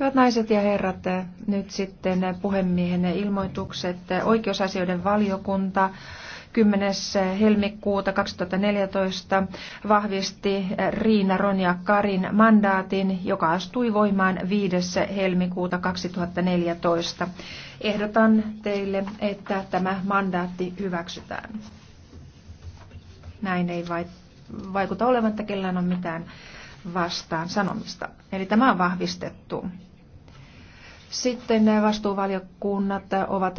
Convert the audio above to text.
Hyvät naiset ja herrat, nyt sitten puhemiehen ilmoitukset. Oikeusasioiden valiokunta 10. helmikuuta 2014 vahvisti Riina Ronja Karin mandaatin, joka astui voimaan 5. helmikuuta 2014. Ehdotan teille, että tämä mandaatti hyväksytään. Näin ei vaikuta olevan, että kellään on mitään vastaan sanomista. Eli tämä on vahvistettu. Sitten vastuuvaliokunnat ovat